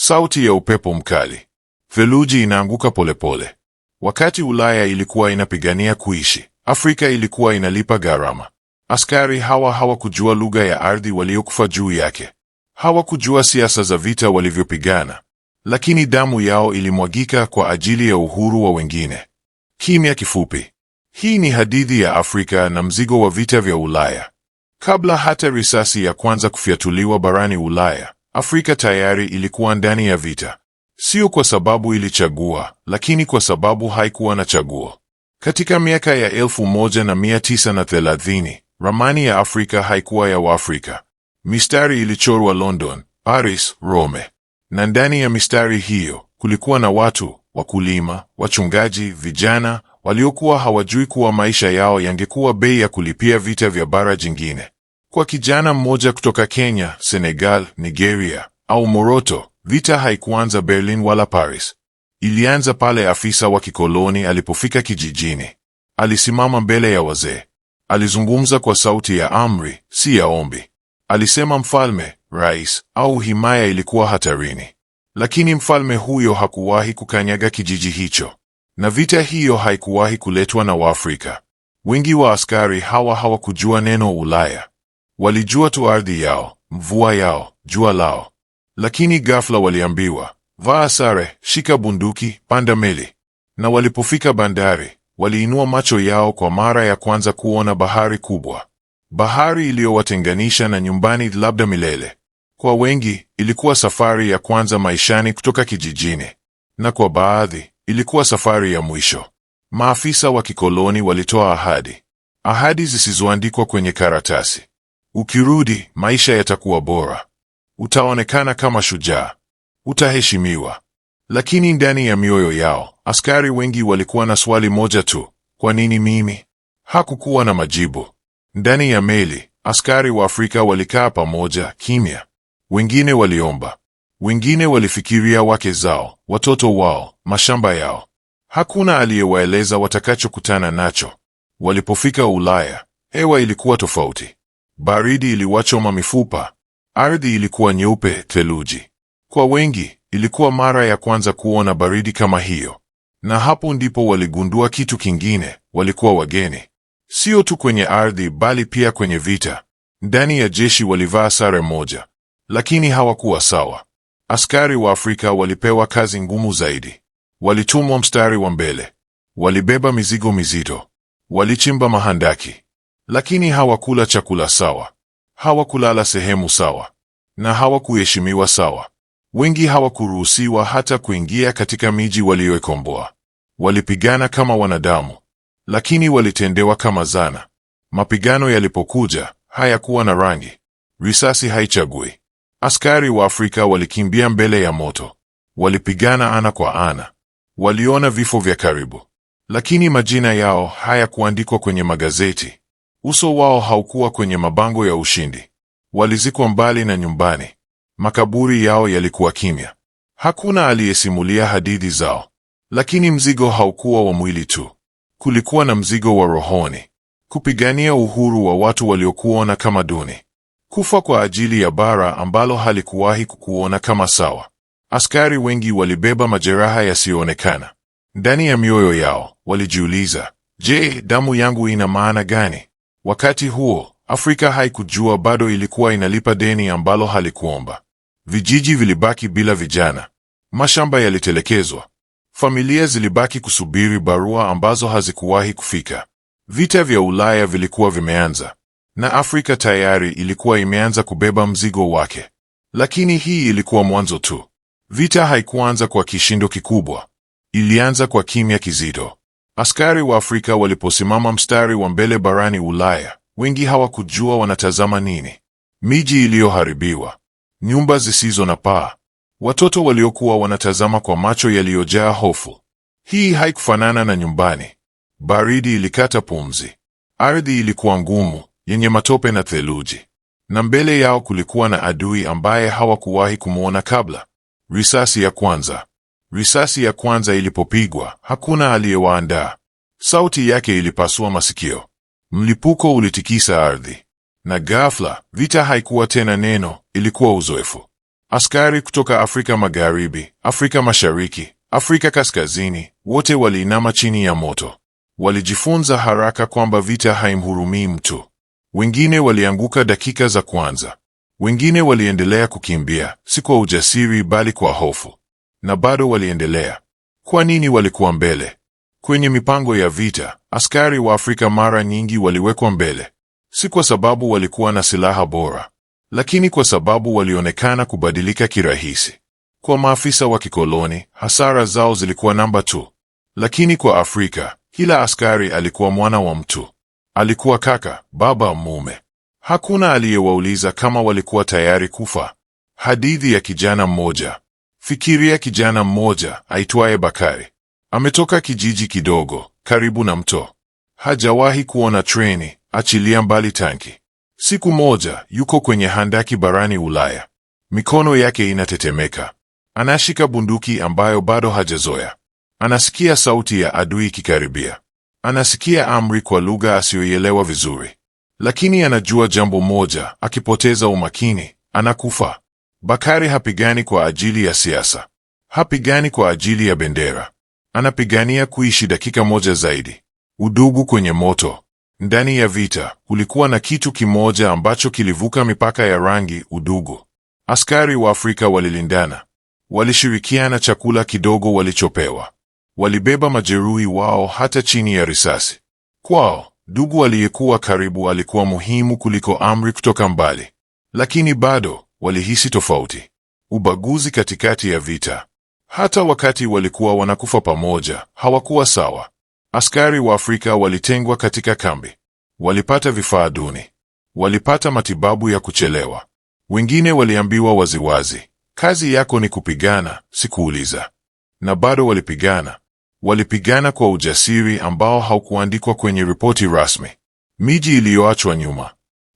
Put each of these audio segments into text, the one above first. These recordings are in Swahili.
Sauti ya upepo mkali, theluji inaanguka polepole. Wakati Ulaya ilikuwa inapigania kuishi, Afrika ilikuwa inalipa gharama. Askari hawa hawakujua lugha ya ardhi waliokufa juu yake, hawakujua siasa za vita walivyopigana, lakini damu yao ilimwagika kwa ajili ya uhuru wa wengine. Kimya kifupi. Hii ni hadithi ya Afrika na mzigo wa vita vya Ulaya. Kabla hata risasi ya kwanza kufyatuliwa barani Ulaya, Afrika tayari ilikuwa ndani ya vita, sio kwa sababu ilichagua, lakini kwa sababu haikuwa na chaguo. Katika miaka ya 1930 ramani ya Afrika haikuwa ya Waafrika. Mistari ilichorwa London, Paris, Rome, na ndani ya mistari hiyo kulikuwa na watu, wakulima, wachungaji, vijana waliokuwa hawajui kuwa maisha yao yangekuwa bei ya kulipia vita vya bara jingine. Kwa kijana mmoja kutoka Kenya, Senegal, Nigeria au Moroto, vita haikuanza Berlin wala Paris. Ilianza pale afisa wa kikoloni alipofika kijijini. Alisimama mbele ya wazee, alizungumza kwa sauti ya amri, si ya ombi. Alisema mfalme, rais au himaya ilikuwa hatarini, lakini mfalme huyo hakuwahi kukanyaga kijiji hicho, na vita hiyo haikuwahi kuletwa na Waafrika. Wengi wa askari hawa hawakujua neno Ulaya. Walijua tu ardhi yao, mvua yao, jua lao. Lakini ghafla waliambiwa, vaa sare, shika bunduki, panda meli. Na walipofika bandari, waliinua macho yao kwa mara ya kwanza kuona bahari kubwa, bahari iliyowatenganisha na nyumbani labda milele. Kwa wengi ilikuwa safari ya kwanza maishani kutoka kijijini, na kwa baadhi ilikuwa safari ya mwisho. Maafisa wa kikoloni walitoa ahadi, ahadi zisizoandikwa kwenye karatasi, Ukirudi maisha yatakuwa bora, utaonekana kama shujaa, utaheshimiwa. Lakini ndani ya mioyo yao askari wengi walikuwa na swali moja tu: kwa nini mimi? Hakukuwa na majibu. Ndani ya meli askari wa Afrika walikaa pamoja kimya. Wengine waliomba, wengine walifikiria wake zao, watoto wao, mashamba yao. Hakuna aliyewaeleza watakachokutana nacho. Walipofika Ulaya, hewa ilikuwa tofauti. Baridi iliwachoma mifupa, ardhi ilikuwa nyeupe theluji. Kwa wengi ilikuwa mara ya kwanza kuona baridi kama hiyo, na hapo ndipo waligundua kitu kingine: walikuwa wageni, sio tu kwenye ardhi, bali pia kwenye vita. Ndani ya jeshi walivaa sare moja, lakini hawakuwa sawa. Askari wa Afrika walipewa kazi ngumu zaidi. Walitumwa mstari wa mbele, walibeba mizigo mizito, walichimba mahandaki lakini hawakula chakula sawa, hawakulala sehemu sawa, na hawakuheshimiwa sawa. Wengi hawakuruhusiwa hata kuingia katika miji waliyoikomboa. Walipigana kama wanadamu, lakini walitendewa kama zana. Mapigano yalipokuja hayakuwa na rangi, risasi haichagui. Askari wa Afrika walikimbia mbele ya moto, walipigana ana kwa ana, waliona vifo vya karibu, lakini majina yao hayakuandikwa kwenye magazeti. Uso wao haukuwa kwenye mabango ya ushindi. Walizikwa mbali na nyumbani, makaburi yao yalikuwa kimya. Hakuna aliyesimulia hadithi zao, lakini mzigo haukuwa wa mwili tu. Kulikuwa na mzigo wa rohoni, kupigania uhuru wa watu waliokuona kama duni, kufa kwa ajili ya bara ambalo halikuwahi kukuona kama sawa. Askari wengi walibeba majeraha yasiyoonekana ndani ya mioyo yao. Walijiuliza, je, damu yangu ina maana gani? Wakati huo Afrika haikujua bado ilikuwa inalipa deni ambalo halikuomba. Vijiji vilibaki bila vijana, mashamba yalitelekezwa, familia zilibaki kusubiri barua ambazo hazikuwahi kufika. Vita vya Ulaya vilikuwa vimeanza na Afrika tayari ilikuwa imeanza kubeba mzigo wake. Lakini hii ilikuwa mwanzo tu. Vita haikuanza kwa kishindo kikubwa, ilianza kwa kimya kizito. Askari wa Afrika waliposimama mstari wa mbele barani Ulaya, wengi hawakujua wanatazama nini: miji iliyoharibiwa, nyumba zisizo na paa, watoto waliokuwa wanatazama kwa macho yaliyojaa hofu. Hii haikufanana na nyumbani. Baridi ilikata pumzi, ardhi ilikuwa ngumu, yenye matope na theluji, na mbele yao kulikuwa na adui ambaye hawakuwahi kumwona kabla. Risasi ya kwanza Risasi ya kwanza ilipopigwa, hakuna aliyewaandaa. Sauti yake ilipasua masikio, mlipuko ulitikisa ardhi, na ghafla vita haikuwa tena neno, ilikuwa uzoefu. Askari kutoka Afrika Magharibi, Afrika Mashariki, Afrika Kaskazini, wote waliinama chini ya moto. Walijifunza haraka kwamba vita haimhurumii mtu. Wengine walianguka dakika za kwanza, wengine waliendelea kukimbia, si kwa ujasiri, bali kwa hofu na bado waliendelea. Kwa nini walikuwa mbele? Kwenye mipango ya vita, askari wa Afrika mara nyingi waliwekwa mbele, si kwa sababu walikuwa na silaha bora, lakini kwa sababu walionekana kubadilika kirahisi. Kwa maafisa wa kikoloni, hasara zao zilikuwa namba tu, lakini kwa Afrika, kila askari alikuwa mwana wa mtu, alikuwa kaka, baba, mume. Hakuna aliyewauliza kama walikuwa tayari kufa. Hadithi ya kijana mmoja Fikiria kijana mmoja aitwaye Bakari. Ametoka kijiji kidogo karibu na mto, hajawahi kuona treni, achilia mbali tanki. Siku moja yuko kwenye handaki barani Ulaya, mikono yake inatetemeka, anashika bunduki ambayo bado hajazoea. Anasikia sauti ya adui ikikaribia, anasikia amri kwa lugha asiyoielewa vizuri, lakini anajua jambo moja: akipoteza umakini anakufa. Bakari hapigani kwa ajili ya siasa, hapigani kwa ajili ya bendera. Anapigania kuishi dakika moja zaidi. Udugu kwenye moto. Ndani ya vita kulikuwa na kitu kimoja ambacho kilivuka mipaka ya rangi: udugu. Askari wa Afrika walilindana, walishirikiana chakula kidogo walichopewa, walibeba majeruhi wao hata chini ya risasi. Kwao ndugu aliyekuwa karibu alikuwa muhimu kuliko amri kutoka mbali, lakini bado walihisi tofauti, ubaguzi katikati ya vita. Hata wakati walikuwa wanakufa pamoja, hawakuwa sawa. Askari wa Afrika walitengwa katika kambi, walipata vifaa duni, walipata matibabu ya kuchelewa. Wengine waliambiwa waziwazi, kazi yako ni kupigana, si kuuliza. Na bado walipigana. Walipigana kwa ujasiri ambao haukuandikwa kwenye ripoti rasmi. Miji iliyoachwa nyuma,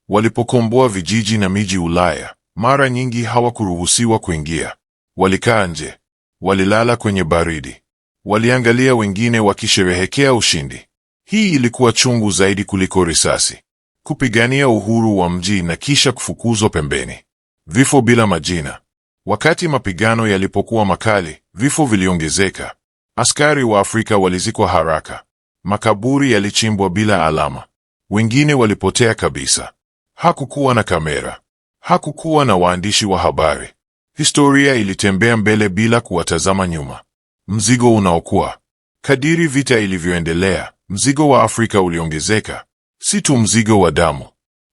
walipokomboa vijiji na miji Ulaya, mara nyingi hawakuruhusiwa kuingia. Walikaa nje, walilala kwenye baridi, waliangalia wengine wakisherehekea ushindi. Hii ilikuwa chungu zaidi kuliko risasi, kupigania uhuru wa mji na kisha kufukuzwa pembeni, vifo bila majina. Wakati mapigano yalipokuwa makali, vifo viliongezeka. Askari wa Afrika walizikwa haraka, makaburi yalichimbwa bila alama, wengine walipotea kabisa. Hakukuwa na kamera, Hakukuwa na waandishi wa habari. Historia ilitembea mbele bila kuwatazama nyuma. Mzigo unaokuwa kadiri vita ilivyoendelea, mzigo wa Afrika uliongezeka, si tu mzigo wa damu,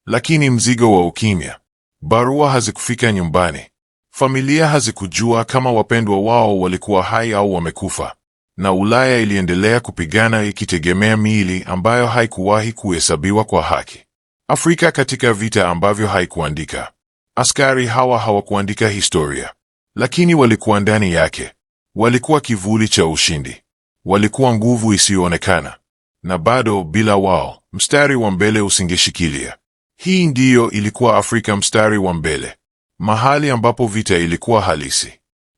lakini mzigo wa ukimya. Barua hazikufika nyumbani, familia hazikujua kama wapendwa wao walikuwa hai au wamekufa, na Ulaya iliendelea kupigana ikitegemea miili ambayo haikuwahi kuhesabiwa kwa haki. Afrika katika vita ambavyo haikuandika. Askari hawa hawakuandika historia, lakini walikuwa ndani yake. Walikuwa kivuli cha ushindi, walikuwa nguvu isiyoonekana, na bado bila wao mstari wa mbele usingeshikilia. Hii ndiyo ilikuwa Afrika, mstari wa mbele, mahali ambapo vita ilikuwa halisi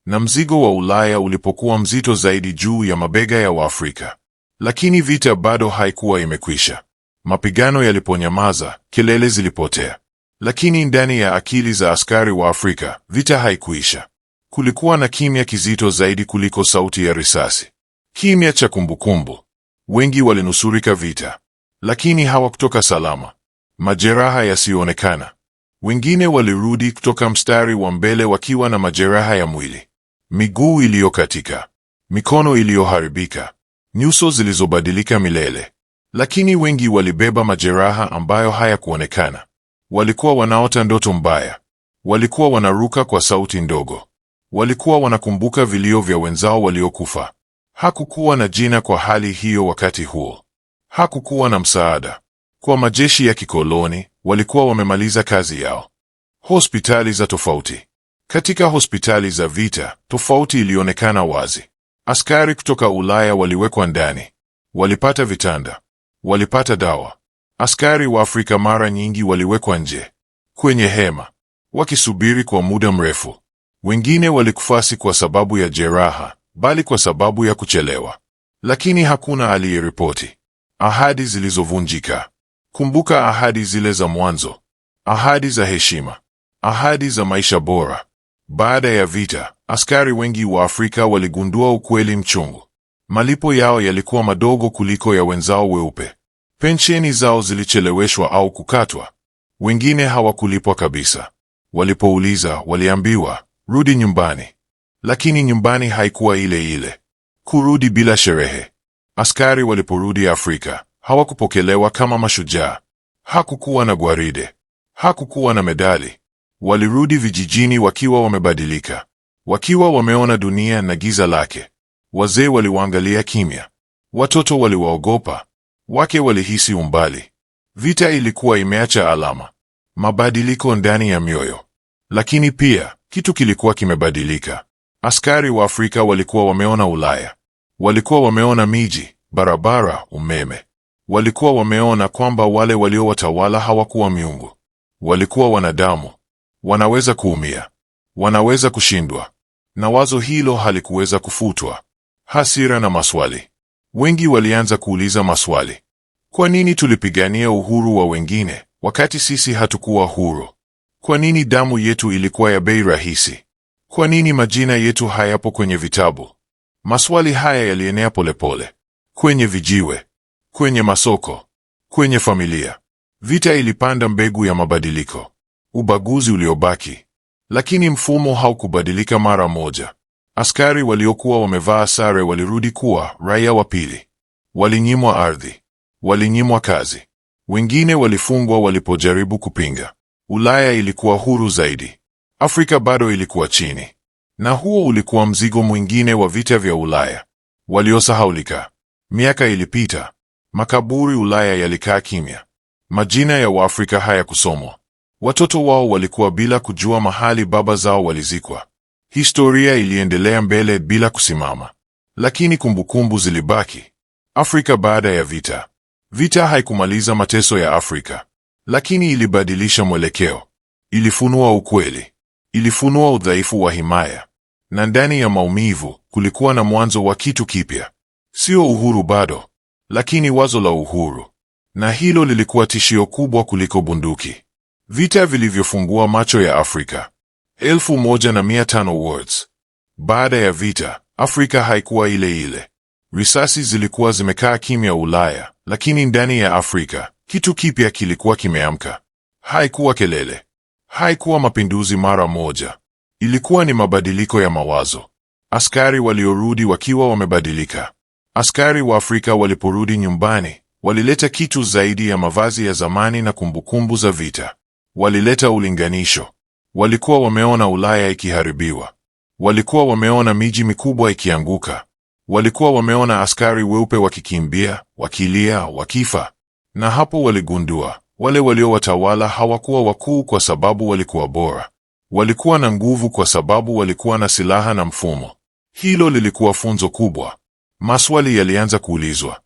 na mzigo wa Ulaya ulipokuwa mzito zaidi juu ya mabega ya Waafrika. Lakini vita bado haikuwa imekwisha. Mapigano yaliponyamaza, kelele zilipotea. Lakini ndani ya akili za askari wa Afrika vita haikuisha. Kulikuwa na kimya kizito zaidi kuliko sauti ya risasi, kimya cha kumbukumbu. Wengi walinusurika vita, lakini hawakutoka salama, majeraha yasiyoonekana. Wengine walirudi kutoka mstari wa mbele wakiwa na majeraha ya mwili, miguu iliyokatika, mikono iliyoharibika, nyuso zilizobadilika milele. Lakini wengi walibeba majeraha ambayo hayakuonekana. Walikuwa wanaota ndoto mbaya, walikuwa wanaruka kwa sauti ndogo, walikuwa wanakumbuka vilio vya wenzao waliokufa. Hakukuwa na jina kwa hali hiyo wakati huo, hakukuwa na msaada. Kwa majeshi ya kikoloni walikuwa wamemaliza kazi yao. Hospitali za tofauti. Katika hospitali za vita, tofauti ilionekana wazi. Askari kutoka Ulaya waliwekwa ndani, walipata vitanda, walipata dawa, Askari wa Afrika mara nyingi waliwekwa nje kwenye hema wakisubiri kwa muda mrefu. Wengine walikufa si kwa sababu ya jeraha, bali kwa sababu ya kuchelewa, lakini hakuna aliyeripoti. Ahadi zilizovunjika. Kumbuka ahadi zile za mwanzo, ahadi za heshima, ahadi za maisha bora. Baada ya vita, askari wengi wa Afrika waligundua ukweli mchungu: malipo yao yalikuwa madogo kuliko ya wenzao weupe. Pensheni zao zilicheleweshwa au kukatwa, wengine hawakulipwa kabisa. Walipouliza waliambiwa rudi nyumbani, lakini nyumbani haikuwa ile ile, kurudi bila sherehe. Askari waliporudi Afrika hawakupokelewa kama mashujaa. Hakukuwa na gwaride, hakukuwa na medali. Walirudi vijijini wakiwa wamebadilika, wakiwa wameona dunia na giza lake. Wazee waliwaangalia kimya, watoto waliwaogopa wake walihisi umbali. Vita ilikuwa imeacha alama, mabadiliko ndani ya mioyo. Lakini pia kitu kilikuwa kimebadilika. Askari wa Afrika walikuwa wameona Ulaya, walikuwa wameona miji, barabara, umeme. Walikuwa wameona kwamba wale waliowatawala hawakuwa miungu, walikuwa wanadamu, wanaweza kuumia, wanaweza kushindwa, na wazo hilo halikuweza kufutwa. Hasira na maswali Wengi walianza kuuliza maswali. Kwa nini tulipigania uhuru wa wengine wakati sisi hatukuwa huru? Kwa nini damu yetu ilikuwa ya bei rahisi? Kwa nini majina yetu hayapo kwenye vitabu? Maswali haya yalienea polepole kwenye vijiwe, kwenye masoko, kwenye familia. Vita ilipanda mbegu ya mabadiliko, ubaguzi uliobaki, lakini mfumo haukubadilika mara moja. Askari waliokuwa wamevaa sare walirudi kuwa raia wa pili. Walinyimwa ardhi, walinyimwa kazi, wengine walifungwa walipojaribu kupinga. Ulaya ilikuwa huru zaidi, Afrika bado ilikuwa chini, na huo ulikuwa mzigo mwingine wa vita vya Ulaya waliosahaulika. Miaka ilipita, makaburi Ulaya yalikaa kimya, majina ya Waafrika hayakusomwa, watoto wao walikuwa bila kujua mahali baba zao walizikwa. Historia iliendelea mbele bila kusimama, lakini kumbukumbu zilibaki. Afrika baada ya vita. Vita haikumaliza mateso ya Afrika, lakini ilibadilisha mwelekeo. Ilifunua ukweli, ilifunua udhaifu wa himaya, na ndani ya maumivu kulikuwa na mwanzo wa kitu kipya. Sio uhuru bado, lakini wazo la uhuru, na hilo lilikuwa tishio kubwa kuliko bunduki. Vita vilivyofungua macho ya Afrika elfu moja na mia tano words. Baada ya vita, Afrika haikuwa ile ile. Risasi zilikuwa zimekaa kimya Ulaya, lakini ndani ya Afrika kitu kipya kilikuwa kimeamka. Haikuwa kelele, haikuwa mapinduzi mara moja, ilikuwa ni mabadiliko ya mawazo. Askari waliorudi wakiwa wamebadilika. Askari wa Afrika waliporudi nyumbani walileta kitu zaidi ya mavazi ya zamani na kumbukumbu za vita. Walileta ulinganisho, Walikuwa wameona Ulaya ikiharibiwa, walikuwa wameona miji mikubwa ikianguka, walikuwa wameona askari weupe wakikimbia, wakilia, wakifa. Na hapo waligundua wale waliowatawala hawakuwa wakuu kwa sababu walikuwa bora, walikuwa na nguvu kwa sababu walikuwa na silaha na mfumo. Hilo lilikuwa funzo kubwa. Maswali yalianza kuulizwa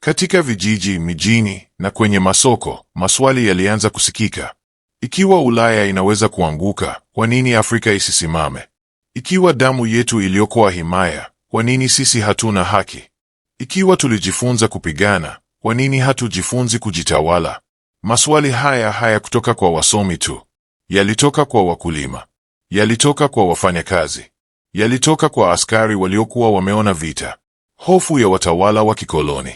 katika vijiji, mijini na kwenye masoko. Maswali yalianza kusikika. Ikiwa Ulaya inaweza kuanguka, kwa nini Afrika isisimame? Ikiwa damu yetu iliyokoa himaya, kwa nini sisi hatuna haki? Ikiwa tulijifunza kupigana, kwa nini hatujifunzi kujitawala? Maswali haya haya kutoka kwa wasomi tu, yalitoka kwa wakulima, yalitoka kwa wafanyakazi, yalitoka kwa askari waliokuwa wameona vita, hofu ya watawala wa kikoloni.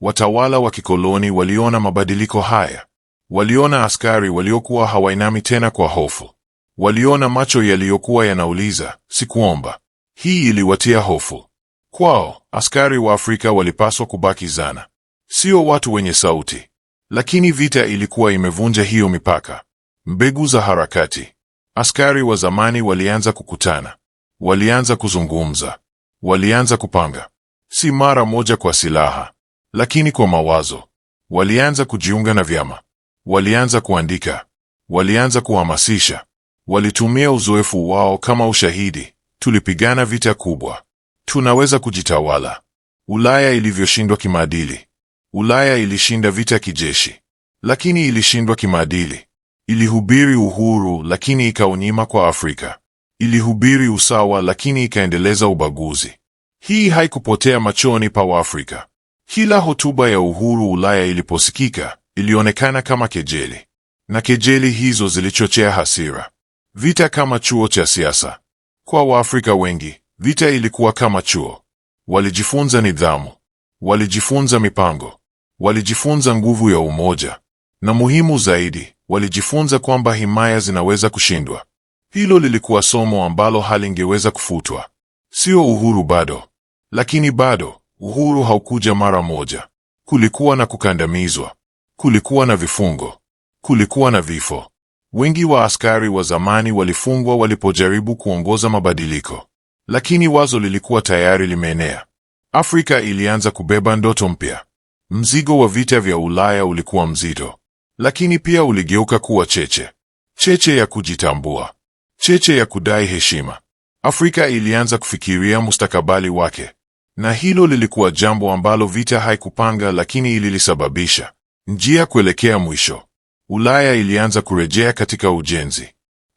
Watawala wa kikoloni waliona mabadiliko haya. Waliona askari waliokuwa hawainami tena kwa hofu. Waliona macho yaliyokuwa yanauliza, sikuomba. Hii iliwatia hofu. Kwao, askari wa Afrika walipaswa kubaki zana, sio watu wenye sauti. Lakini vita ilikuwa imevunja hiyo mipaka. Mbegu za harakati. Askari wa zamani walianza kukutana, walianza kuzungumza, walianza kupanga, si mara moja kwa silaha, lakini kwa mawazo. Walianza kujiunga na vyama. Walianza kuandika, walianza kuhamasisha, walitumia uzoefu wao kama ushahidi. Tulipigana vita kubwa, tunaweza kujitawala. Ulaya ilivyoshindwa kimaadili. Ulaya ilishinda vita kijeshi, lakini ilishindwa kimaadili. Ilihubiri uhuru, lakini ikaunyima kwa Afrika. Ilihubiri usawa, lakini ikaendeleza ubaguzi. Hii haikupotea machoni pa Waafrika. Kila hotuba ya uhuru Ulaya iliposikika ilionekana kama kejeli, na kejeli hizo zilichochea hasira, vita kama chuo cha siasa. Kwa Waafrika wengi, vita ilikuwa kama chuo. Walijifunza nidhamu, walijifunza mipango, walijifunza nguvu ya umoja, na muhimu zaidi, walijifunza kwamba himaya zinaweza kushindwa. Hilo lilikuwa somo ambalo halingeweza kufutwa. Sio uhuru bado, lakini bado uhuru haukuja mara moja. Kulikuwa na kukandamizwa. Kulikuwa na vifungo, kulikuwa na vifo. Wengi wa askari wa zamani walifungwa walipojaribu kuongoza mabadiliko, lakini wazo lilikuwa tayari limeenea. Afrika ilianza kubeba ndoto mpya. Mzigo wa vita vya Ulaya ulikuwa mzito, lakini pia uligeuka kuwa cheche, cheche ya kujitambua, cheche ya kudai heshima. Afrika ilianza kufikiria mustakabali wake, na hilo lilikuwa jambo ambalo vita haikupanga, lakini ililisababisha. Njia kuelekea mwisho. Ulaya ilianza kurejea katika ujenzi.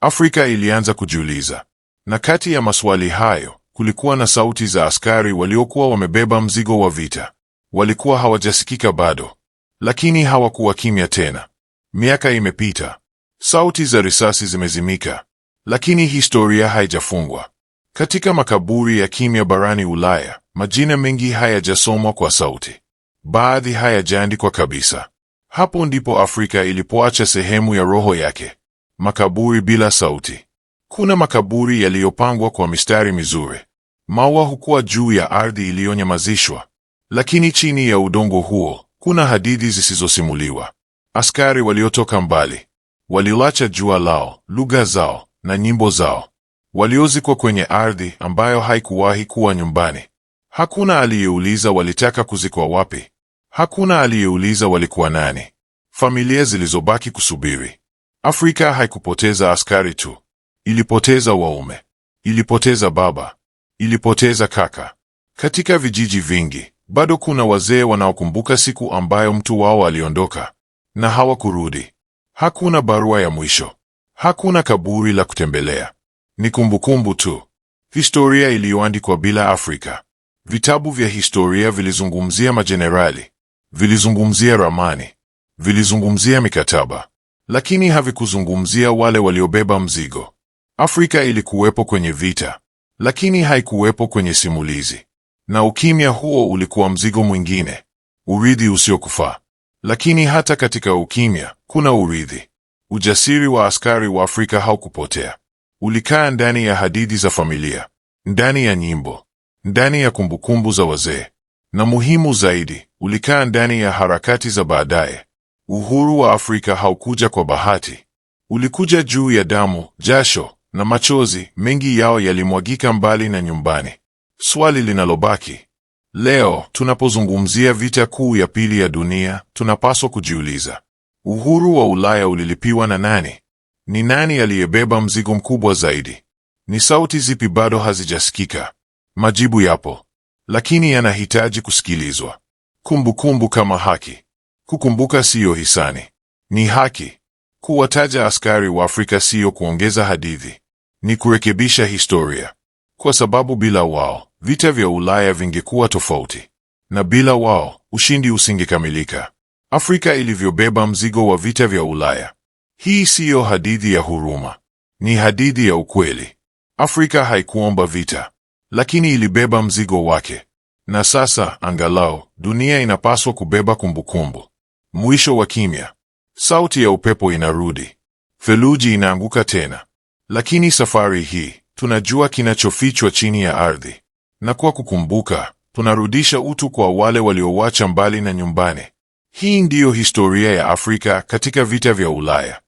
Afrika ilianza kujiuliza. Na kati ya maswali hayo, kulikuwa na sauti za askari waliokuwa wamebeba mzigo wa vita. Walikuwa hawajasikika bado, lakini hawakuwa kimya tena. Miaka imepita. Sauti za risasi zimezimika, lakini historia haijafungwa. Katika makaburi ya kimya barani Ulaya, majina mengi hayajasomwa kwa sauti. Baadhi hayajaandikwa kabisa. Hapo ndipo Afrika ilipoacha sehemu ya roho yake. Makaburi bila sauti. Kuna makaburi yaliyopangwa kwa mistari mizuri. Maua hukua juu ya ardhi iliyonyamazishwa, lakini chini ya udongo huo kuna hadithi zisizosimuliwa. Askari waliotoka mbali walilacha jua lao, lugha zao na nyimbo zao, waliozikwa kwenye ardhi ambayo haikuwahi kuwa nyumbani. Hakuna aliyeuliza walitaka kuzikwa wapi. Hakuna aliyeuliza walikuwa nani. Familia zilizobaki kusubiri. Afrika haikupoteza askari tu, ilipoteza waume, ilipoteza baba, ilipoteza kaka. Katika vijiji vingi bado kuna wazee wanaokumbuka siku ambayo mtu wao aliondoka na hawakurudi. Hakuna barua ya mwisho, hakuna kaburi la kutembelea. Ni kumbukumbu tu, historia iliyoandikwa bila Afrika. Vitabu vya historia vilizungumzia majenerali vilizungumzia ramani, vilizungumzia mikataba, lakini havikuzungumzia wale waliobeba mzigo. Afrika ilikuwepo kwenye vita, lakini haikuwepo kwenye simulizi, na ukimya huo ulikuwa mzigo mwingine, urithi usiokufaa. Lakini hata katika ukimya kuna urithi. Ujasiri wa askari wa Afrika haukupotea. Ulikaa ndani ya hadithi za familia, ndani ya nyimbo, ndani ya kumbukumbu za wazee, na muhimu zaidi, ulikaa ndani ya harakati za baadaye. Uhuru wa Afrika haukuja kwa bahati, ulikuja juu ya damu, jasho na machozi mengi yao yalimwagika mbali na nyumbani. Swali linalobaki leo tunapozungumzia vita kuu ya pili ya dunia, tunapaswa kujiuliza, uhuru wa Ulaya ulilipiwa na nani? Ni nani aliyebeba mzigo mkubwa zaidi? Ni sauti zipi bado hazijasikika? Majibu yapo, lakini yanahitaji kusikilizwa. Kumbukumbu kumbu kama haki. Kukumbuka siyo hisani, ni haki. Kuwataja askari wa Afrika siyo kuongeza hadithi, ni kurekebisha historia, kwa sababu bila wao vita vya Ulaya vingekuwa tofauti, na bila wao ushindi usingekamilika. Afrika ilivyobeba mzigo wa vita vya Ulaya. Hii siyo hadithi ya huruma, ni hadithi ya ukweli. Afrika haikuomba vita, lakini ilibeba mzigo wake. Na sasa angalau dunia inapaswa kubeba kumbukumbu. Mwisho wa kimya. Sauti ya upepo inarudi, theluji inaanguka tena, lakini safari hii tunajua kinachofichwa chini ya ardhi, na kwa kukumbuka tunarudisha utu kwa wale waliowacha mbali na nyumbani. Hii ndiyo historia ya Afrika katika vita vya Ulaya.